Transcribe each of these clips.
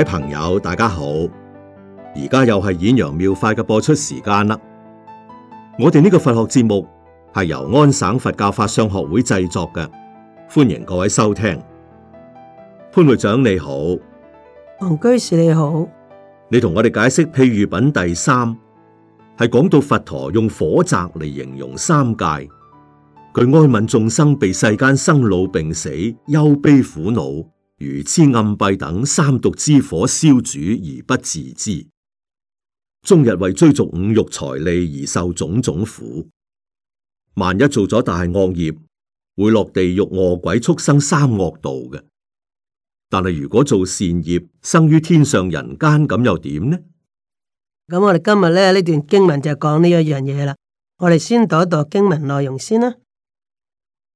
各位朋友，大家好！而家又係《演揚妙法》嘅播出時間啦。我哋呢個佛學節目係由安省佛教法相學會製作嘅，歡迎各位收聽。潘會長你好，黃居士你好，你同我哋解釋《譬喻品》第三，係講到佛陀用火宅嚟形容三界，佢哀憫眾生被世間生老病死、憂悲苦惱。如癡暗蔽等三毒之火燒煮，煮而不自知，終日為追逐五欲財利而受種種苦。萬一做咗大惡業，會落地獄餓鬼畜生三惡道嘅。但係如果做善業，生於天上人間，咁又點呢？咁我哋今日咧呢段經文就講呢一樣嘢啦。我哋先讀一讀經文內容先啦。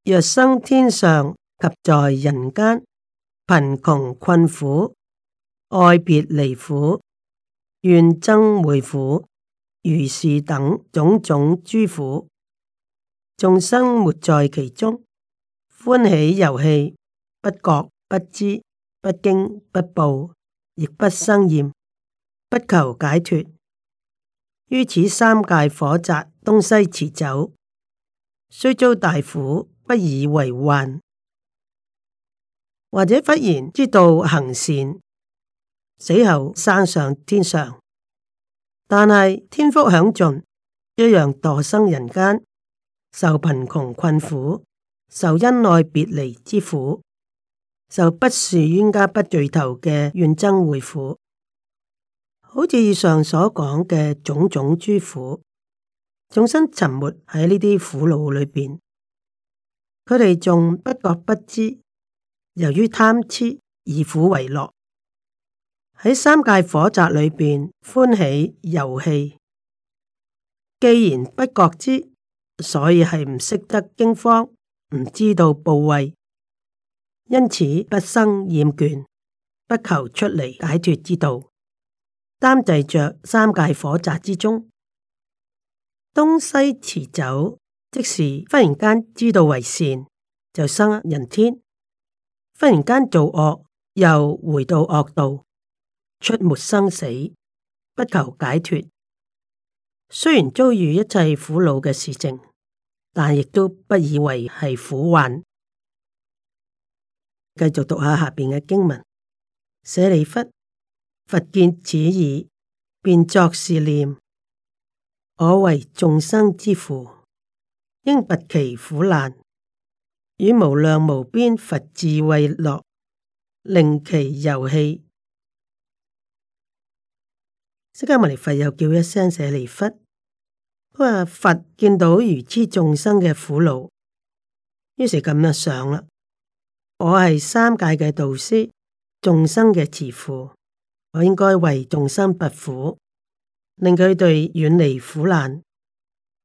若生天上及在人間。貧窮困苦、愛別離苦、怨憎會苦、如是等種種諸苦，眾生沒在其中，歡喜遊戲，不覺不知，不驚不怖，亦不生厭，不求解脫。於此三界火宅，東西馳走，雖遭大苦，不以為患。或者忽然知道行善，死後生上天上，但係天福享盡，一樣墮生人間，受貧窮困苦，受恩愛別離之苦，受不是冤家不聚頭嘅怨憎會苦，好似以上所講嘅種種諸苦，眾生沉沒喺呢啲苦惱裏邊，佢哋仲不覺不知。由於貪痴以苦為樂，喺三界火宅裏邊歡喜遊戲。既然不覺知，所以係唔識得驚慌，唔知道怖畏，因此不生厭倦，不求出離解脫之道，耽滯着三界火宅之中，東西馳走，即時忽然間知道為善，就生人天。忽然間造惡，又回到惡道，出沒生死，不求解脫。雖然遭遇一切苦惱嘅事情，但亦都不以為係苦患。繼續讀下下面嘅經文：舍利弗，佛見此已，便作是念：我為眾生之父，應拔其苦難。以無量無邊佛智慧樂，令其遊戲。釋迦牟尼佛又叫一聲舍利弗，佢話佛見到如此眾生嘅苦惱，於是咁樣上啦。我係三界嘅導師，眾生嘅慈父，我應該為眾生拔苦，令佢哋遠離苦難，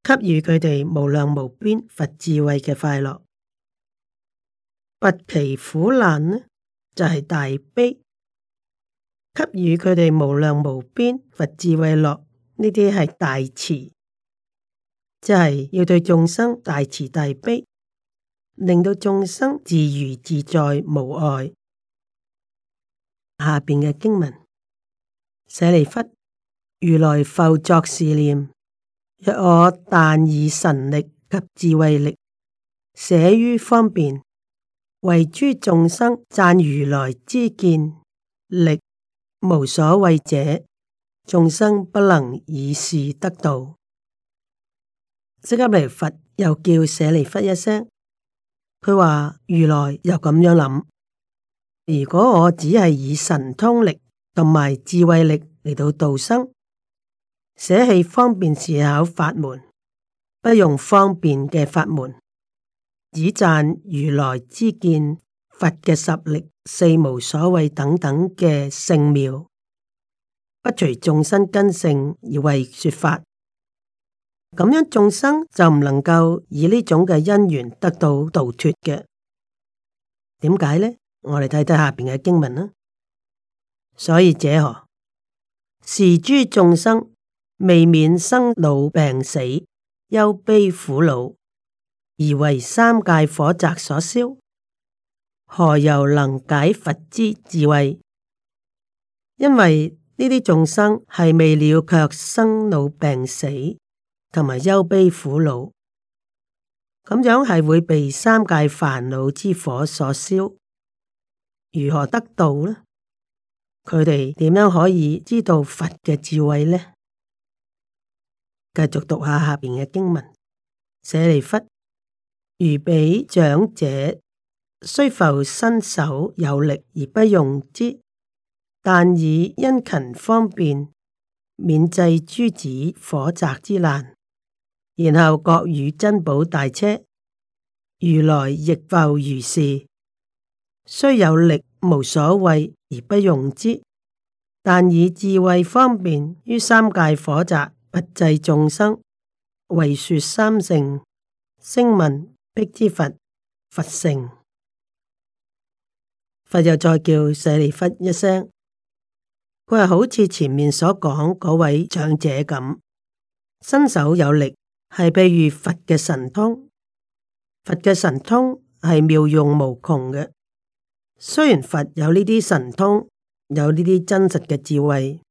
給予佢哋無量無邊佛智慧嘅快樂。拔其苦難呢，就係、是、大悲，給予佢哋無量無邊佛智慧樂呢啲係大慈，即、就、係、是、要對眾生大慈大悲，令到眾生自如自在無礙。下邊嘅經文：舍利弗，如來复作是念：若我但以神力及智慧力，捨於方便。為諸眾生讚如來之見力無所畏者，眾生不能以是得道。釋迦牟尼佛又叫舍利弗一聲，佢話如來又咁樣諗：如果我只係以神通力同埋智慧力嚟到度生，捨棄方便時候法門，不用方便嘅法門。只讚如來之見，佛嘅十力、四無所畏等等嘅聖妙，不隨眾生根性而為說法。咁樣眾生就唔能夠以呢種嘅因緣得到度脱嘅。點解呢？我哋睇睇下邊嘅經文啦。所以者何？是諸眾生未免生老病死、憂悲苦惱。而為三界火宅所燒，何由能解佛之智慧？因為呢啲眾生係未了，卻生老病死，同埋憂悲苦惱，咁樣係會被三界煩惱之火所燒。如何得到呢？佢哋點樣可以知道佛嘅智慧呢？繼續讀下下邊嘅經文，舍利弗。如彼長者，雖復身手有力而不用之，但以殷勤方便，勉濟諸子火宅之難。然後各與珍寶大車，如來亦復如是，雖有力無所畏而不用之，但以智慧方便，於三界火宅拔濟眾生，為說三乘聲聞。辟之佛，佛成佛又再叫舍利弗一聲，佢係好似前面所講嗰位長者咁，身手有力，係比喻佛嘅神通，佛嘅神通係妙用無窮嘅。雖然佛有呢啲神通，有呢啲真實嘅智慧，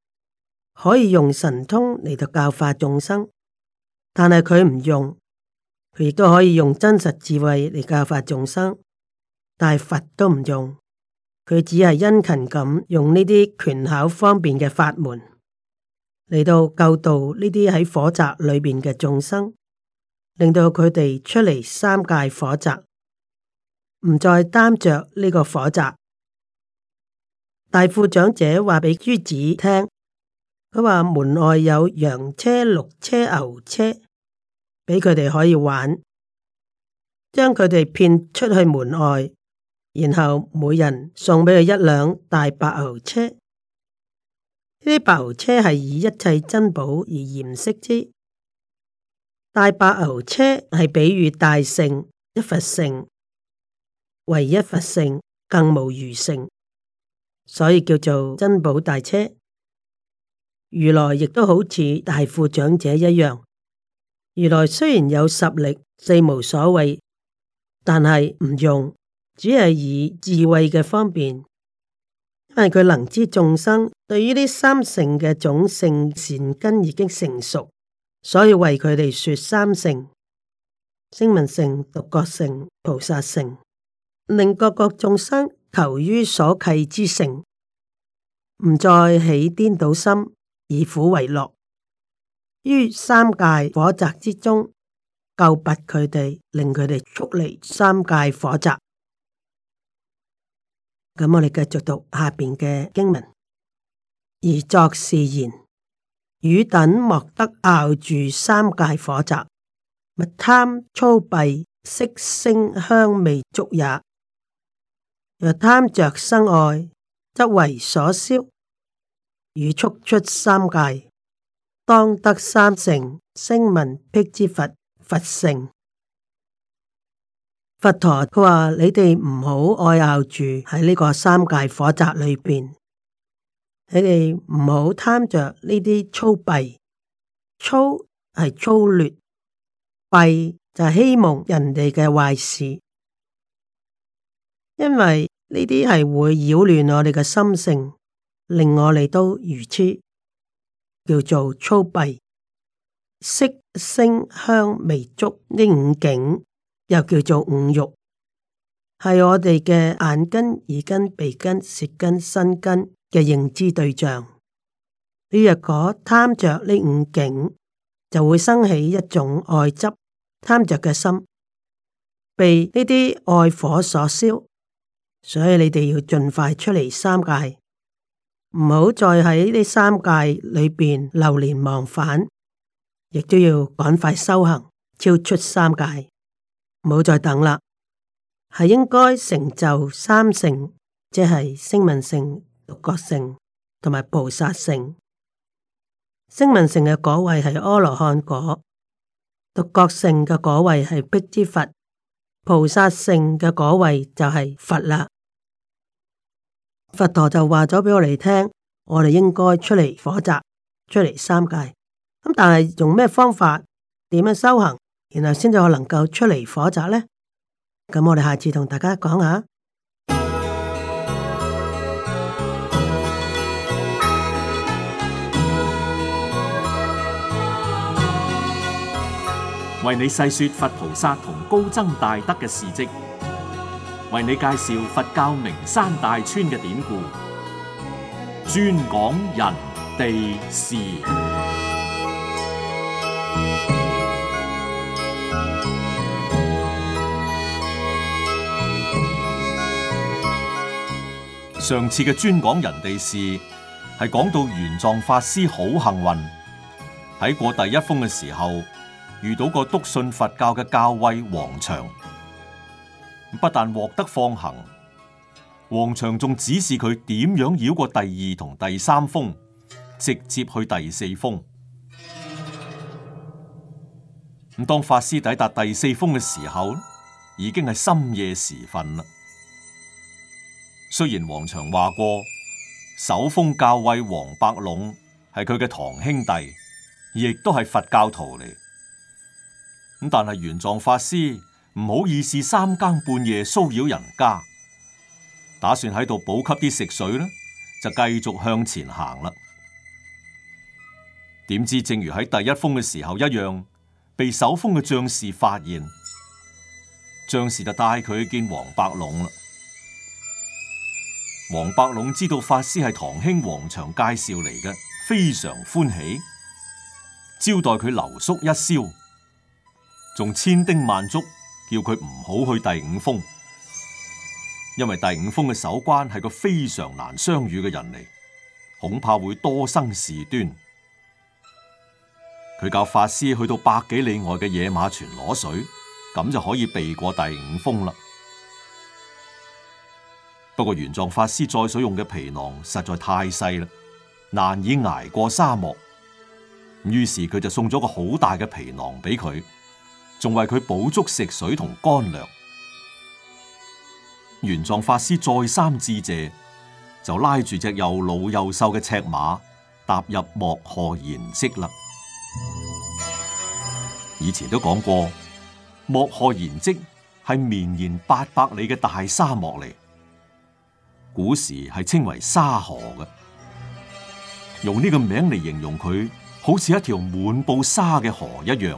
可以用神通嚟到教化眾生，但係佢唔用。亦都可以用真實智慧嚟教化眾生，但佛都唔用，佢只係殷勤咁用呢啲權巧方便嘅法門嚟到救度呢啲喺火宅裏面嘅眾生，令到佢哋出嚟三界火宅，唔再擔着呢個火宅。大富長者話畀諸子聽，佢話門外有羊車、鹿車、牛車。畀佢哋可以玩，將佢哋騙出去門外，然後每人送畀佢一輛大白牛車。呢啲白牛車係以一切珍寶而嚴飾之。大白牛車係比喻大乘一佛乘，唯一佛乘更無餘乘，所以叫做珍寶大車。如來亦都好似大富長者一樣。原來雖然有十力四無所謂，但係唔用，只係以智慧嘅方便，因為佢能知眾生對於呢三乘嘅種性善根已經成熟，所以為佢哋說三乘：聲聞性、獨覺性、菩薩性，令各國眾生求於所契之性，唔再起顛倒心，以苦為樂。於三界火宅之中，救拔佢哋，令佢哋速離三界火宅。咁我哋繼續讀下邊嘅經文，而作是言：汝等莫得拗住三界火宅，勿貪粗弊色聲香味觸也。若貪着生愛，則為所燒，汝速出三界。當得三成聲聞辟支佛佛成佛陀，佢話你哋唔好哀號住喺呢個三界火宅裏邊，你哋唔好貪着呢啲粗弊。粗係粗劣，弊就係希望人哋嘅壞事，因為呢啲係會擾亂我哋嘅心性，令我哋都如痴。叫做粗弊色聲香味觸呢五境，又叫做五欲，係我哋嘅眼根、耳根、鼻根、舌根、身根嘅認知對象。你若果貪着呢五境，就會生起一種愛執，貪着嘅心被呢啲愛火所燒，所以你哋要盡快出嚟三界。唔好再喺呢三界裏邊流連忘返，亦都要趕快修行，超出三界，唔好再等啦。係應該成就三成，即係聲聞成、獨覺成同埋菩薩成。聲聞成嘅果位係阿羅漢果，獨覺成嘅果位係辟支佛，菩薩成嘅果位就係佛啦。佛陀就話咗俾我哋聽，我哋應該出嚟火宅，出嚟三界。咁但係用咩方法，點樣修行，然後先至我能夠出嚟火宅呢？咁我哋下次同大家講下。為你細說佛菩薩同高僧大德嘅事跡。為你介紹佛教名山大川嘅典故，專講人地事。上次嘅專講人地事係講到玄奘法師好幸運喺過第一封嘅時候遇到個篤信佛教嘅教威王長。不但獲得放行，王祥仲指示佢點樣繞過第二同第三峰，直接去第四峰。咁當法師抵達第四峰嘅時候，已經係深夜時分啦。雖然王祥話過，首峰校尉王伯龍係佢嘅堂兄弟，亦都係佛教徒嚟，咁但係玄奘法師唔好意思，三更半夜騷擾人家，打算喺度補給啲食水呢，就繼續向前行啦。點知正如喺第一烽嘅時候一樣，被守烽嘅將士發現，將士就帶佢去見王伯龍啦。王伯龍知道法師係堂兄王祥介紹嚟嘅，非常歡喜，招待佢留宿一宵，仲千叮萬囑。叫佢唔好去第五峰，因為第五峰嘅守關係個非常難相遇嘅人嚟，恐怕會多生事端。佢教法師去到百幾里外嘅野馬泉攞水，咁就可以避過第五峰啦。不過玄奘法師載水用嘅皮囊實在太細啦，難以捱過沙漠。於是佢就送咗個好大嘅皮囊俾佢。仲為佢補足食水同乾糧，玄奘法師再三致謝，就拉住隻又老又瘦嘅赤馬，踏入莫賀延磧啦。以前都講過，莫賀延磧係綿延八百里嘅大沙漠嚟，古時係稱為沙河嘅，用呢個名嚟形容佢，好似一條滿布沙嘅河一樣。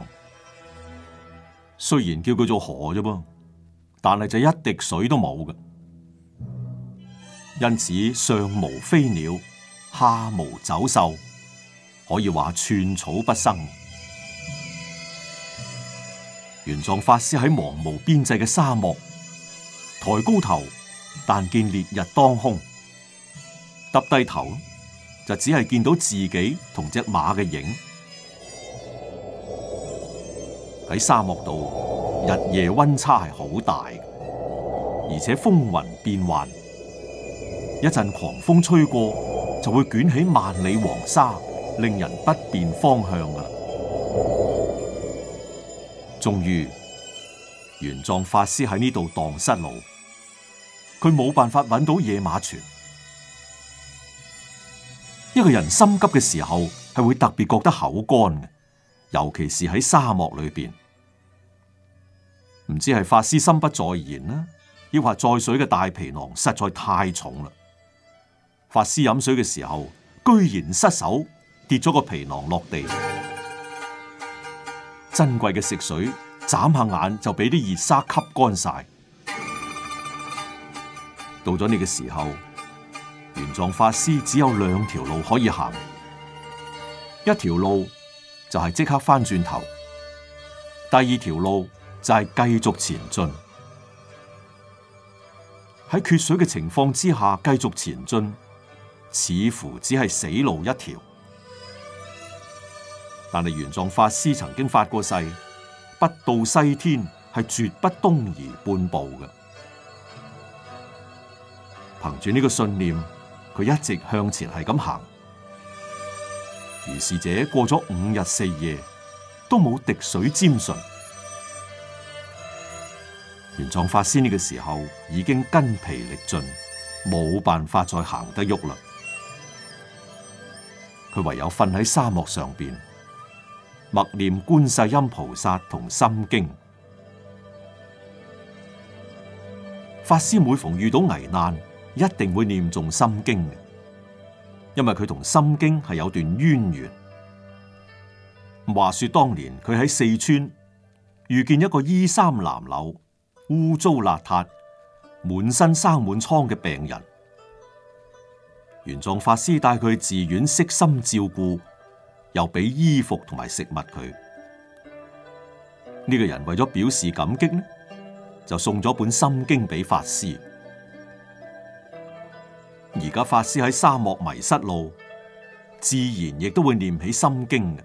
雖然叫佢做河啫噃，但係就一滴水都冇嘅，因此上無飛鳥，下無走獸，可以話寸草不生。玄奘法師喺茫無邊際嘅沙漠，抬高頭，但見烈日當空，耷低頭，就只係見到自己同隻馬嘅影。喺沙漠度日夜温差係好大，而且風雲變幻，一陣狂風吹過就會捲起萬里黃沙，令人不辨方向噶啦。終於，玄奘法師喺呢度蕩失路，佢冇辦法揾到野馬泉。一個人心急嘅時候係會特別覺得口乾嘅，尤其是喺沙漠裏邊。只係法師心不在焉啦，要話載水嘅大皮囊實在太重啦。法師飲水嘅時候，居然失手跌咗個皮囊落地，珍貴嘅食水眨下眼就俾啲熱沙吸乾晒。到咗呢個時候，玄奘法師只有兩條路可以行，一條路就係即刻翻轉頭，第二條路。就係繼續前進，喺缺水嘅情況之下繼續前進，似乎只係死路一條。但係玄奘法師曾經發過誓，不到西天係絕不東移半步嘅。憑住呢個信念，佢一直向前係咁行。如是者過咗五日四夜，都冇滴水沾唇。玄奘法師呢個時候已經筋疲力盡，冇辦法再行得喐嘞。佢唯有瞓喺沙漠上邊，默念觀世音菩薩同心經。法師每逢遇到危難，一定會念誦心經嘅，因為佢同心經係有段淵源。話說當年佢喺四川遇見一個衣衫襤褸。污糟邋遢，滿身生滿瘡嘅病人，玄奘法師帶佢去寺院悉心照顧，又俾衣服同埋食物佢。呢、這個人為咗表示感激呢，就送咗本心經俾法師。而家法師喺沙漠迷失路，自然亦都會念起心經。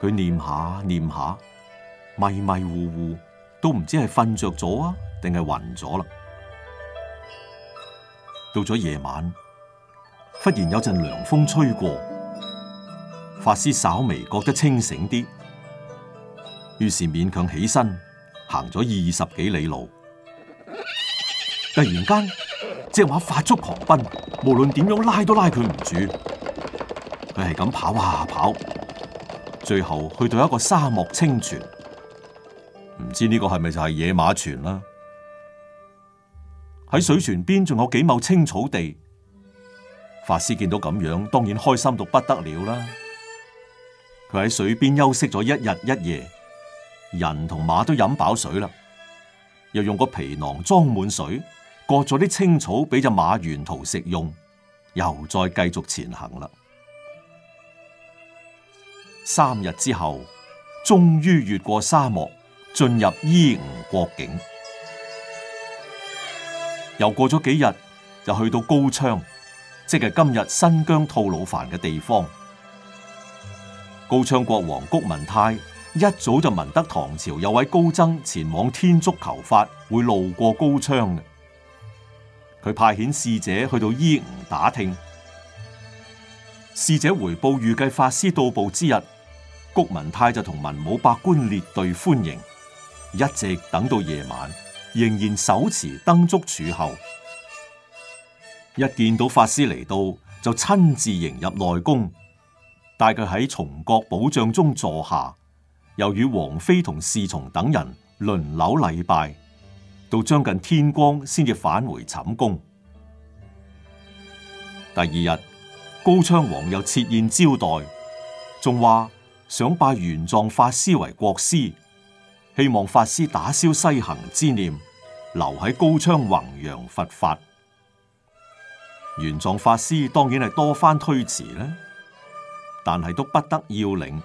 佢念下念下，迷迷糊糊。都唔知係瞓着咗啊，定係暈咗啦。到咗夜晚，忽然有陣涼風吹過，法師稍微覺得清醒啲，於是勉強起身，行咗二十幾里路。突然間，隻馬發足狂奔，無論點樣拉都拉佢唔住，佢係咁跑啊跑，最後去到一個沙漠清泉。唔知呢個係咪就係野馬泉啦，啊？喺水泉邊仲有幾畝青草地，法師見到咁樣，當然開心到不得了啦。佢喺水邊休息咗一日一夜，人同馬都飲飽水啦，又用個皮囊裝滿水，割咗啲青草俾隻馬沿途食用，又再繼續前行啦。三日之後，終於越過沙漠。進入伊吾國境，又過咗幾日，就去到高昌，即係今日新疆吐魯番嘅地方。高昌國王麴文泰一早就聞得唐朝有位高僧前往天竺求法，會路過高昌嘅，佢派遣侍者去到伊吾打聽，侍者回報，預計法師到步之日，麴文泰就同文武百官列隊歡迎。一直等到夜晚，仍然手持燈燭柱候，一見到法師嚟到，就親自迎入內宮，帶佢喺松國寶帳中坐下，又與王妃同侍從等人輪流禮拜，到將近天光先至返回寢宮。第二日，高昌王又設宴招待，仲話想拜玄奘法師為國師。希望法師打消西行之念，留喺高昌弘揚佛法。玄奘法師當然係多番推辭啦，但係都不得要領，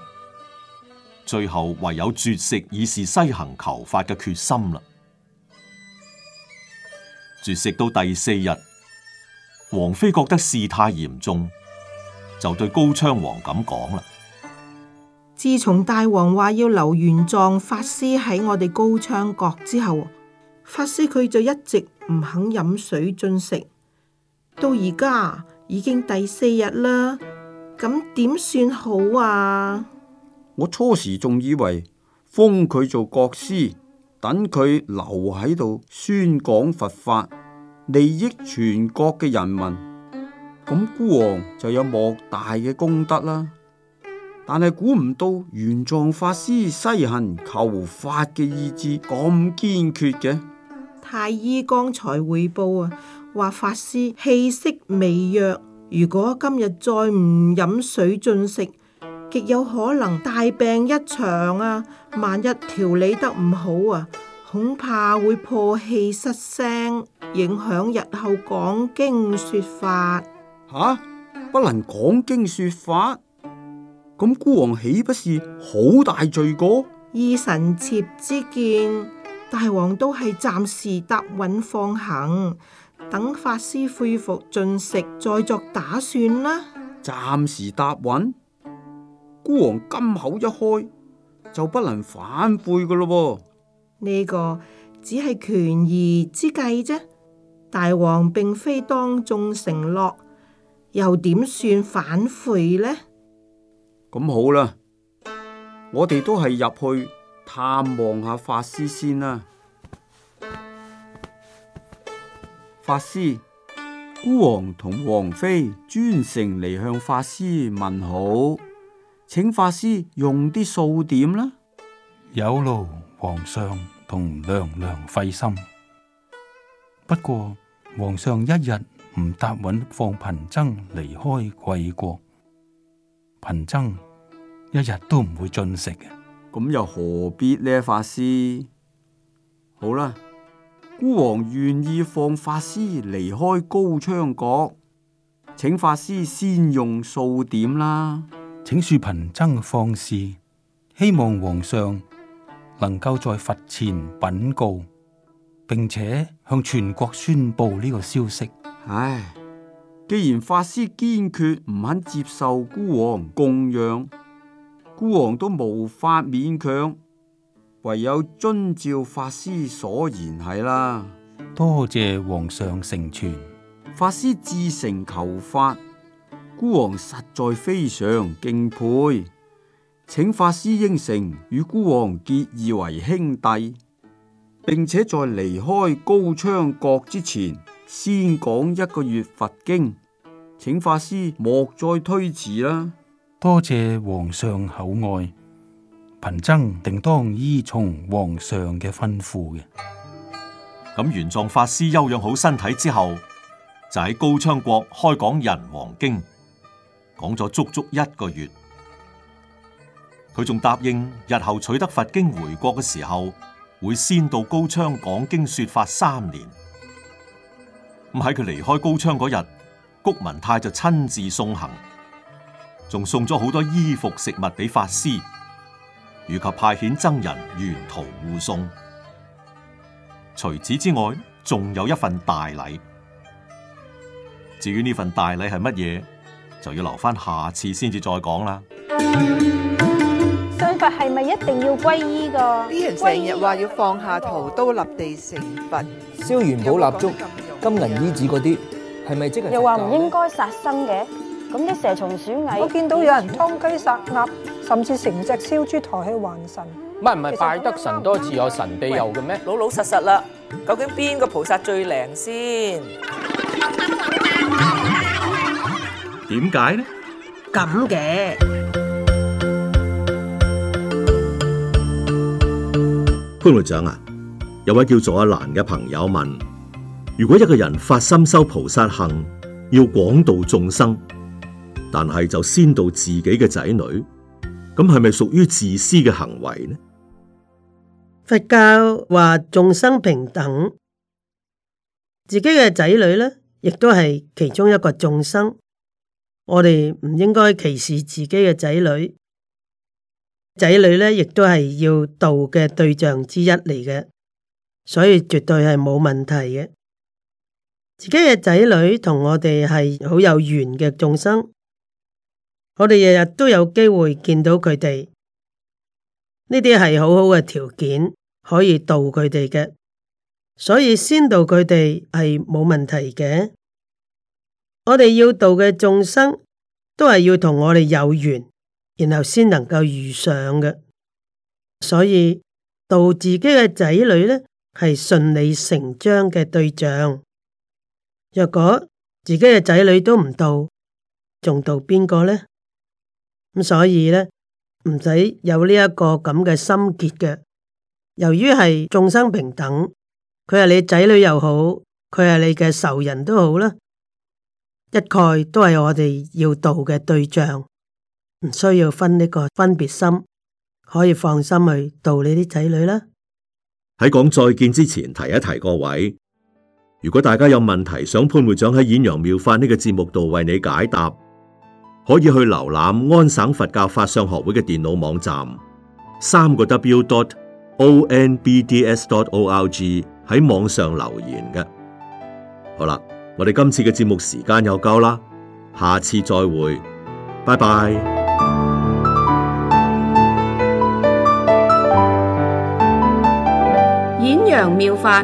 最後唯有絕食以示西行求法嘅決心啦。絕食到第四日，王妃覺得事態嚴重，就對高昌王咁講啦。自從大王話要留玄奘法師喺我哋高昌國之後，法師佢就一直唔肯飲水進食，到而家已經第四日啦，咁點算好啊？我初時仲以為封佢做國師，等佢留喺度宣講佛法，利益全國嘅人民，咁孤王就有莫大嘅功德啦。但係估唔到玄奘法師西行求法嘅意志咁堅決嘅。太醫剛才匯報啊，話法師氣息微弱，如果今日再唔飲水進食，極有可能大病一場啊！萬一調理得唔好啊，恐怕會破氣失聲，影響日後講經說法。吓、啊，不能講經說法？咁孤王豈不是好大罪過？以臣妾之見，大王都係暫時答允，放行，等法師恢復進食再作打算啦。暫時答允？孤王金口一開就不能反悔噶咯。呢個只係權宜之計啫，大王並非當眾承諾，又點算反悔呢？咁好啦，我哋都係入去探望下法師先啦。法師，孤王同王妃專程嚟向法師問好，請法師用啲素點啦。有勞皇上同娘娘費心，不過皇上一日唔答允放貧僧離開貴國。貧僧一日都唔會進食嘅，咁又何必呢？法師，好啦，孤王願意放法師離開高昌國，請法師先用數點啦。請恕貧僧放肆，希望皇上能夠在佛前稟告，並且向全國宣布呢個消息。唉。既然法師堅決唔肯接受孤王供養，孤王都無法勉強，唯有遵照法師所言係啦。多謝皇上成全。法師至誠求法，孤王實在非常敬佩，請法師應承與孤王結義為兄弟，並且在離開高昌國之前。先講一個月佛經，請法師莫再推遲啦。多謝皇上厚愛，貧僧定當依從皇上嘅吩咐嘅。咁玄奘法師休養好身體之後，就喺高昌國開講《人王經》，講咗足足一個月。佢仲答應日後取得佛經回國嘅時候，會先到高昌講經說法三年。咁喺佢離開高昌嗰日，谷文泰就親自送行，仲送咗好多衣服食物俾法師，以及派遣僧人沿途護送。除此之外，仲有一份大禮。至於呢份大禮係乜嘢，就要留翻下次先至再講啦。信佛係咪一定要皈依㗎？啲人成日話要放下屠刀立地成佛，燒元寶蠟燭。金銀衣紙嗰啲係咪即係？又話唔應該殺生嘅，咁啲蛇蟲鼠蟻，我見到有人殺雞殺鴨，甚至成隻燒豬抬去還神。唔係唔係，拜得神多自有神庇佑嘅咩？老老實實啦，究竟邊個菩薩最靈先？點解呢？咁嘅，潘會長啊，有位叫做阿蘭嘅朋友問。如果一個人發心修菩薩行，要廣度眾生，但係就先度自己嘅仔女，咁係咪屬於自私嘅行為呢？佛教話眾生平等，自己嘅仔女咧，亦都係其中一個眾生，我哋唔應該歧視自己嘅仔女，仔女咧，亦都係要度嘅對象之一嚟嘅，所以絕對係冇問題嘅。自己嘅仔女同我哋係好有緣嘅眾生，我哋日日都有機會見到佢哋，呢啲係好好嘅條件可以度佢哋嘅，所以先度佢哋係冇問題嘅。我哋要度嘅眾生都係要同我哋有緣，然後先能夠遇上嘅，所以度自己嘅仔女呢，係順理成章嘅對象。若果自己嘅仔女都唔度，仲度邊個呢？咁所以呢，唔使有呢一個咁嘅心結嘅。由於係眾生平等，佢係你仔女又好，佢係你嘅仇人都好啦，一概都係我哋要度嘅對象，唔需要分呢個分別心，可以放心去度你啲仔女啦。喺講再見之前，提一提各位。如果大家有問題想潘會長喺《演揚妙法》呢、這個節目度為你解答，可以去瀏覽安省佛教法相學會嘅電腦網站，三個 w d o t o n b d s d o t o r g 喺網上留言嘅。好啦，我哋今次嘅節目時間又夠啦，下次再會，拜拜。演揚妙法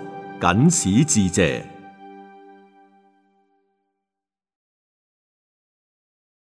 僅此致謝。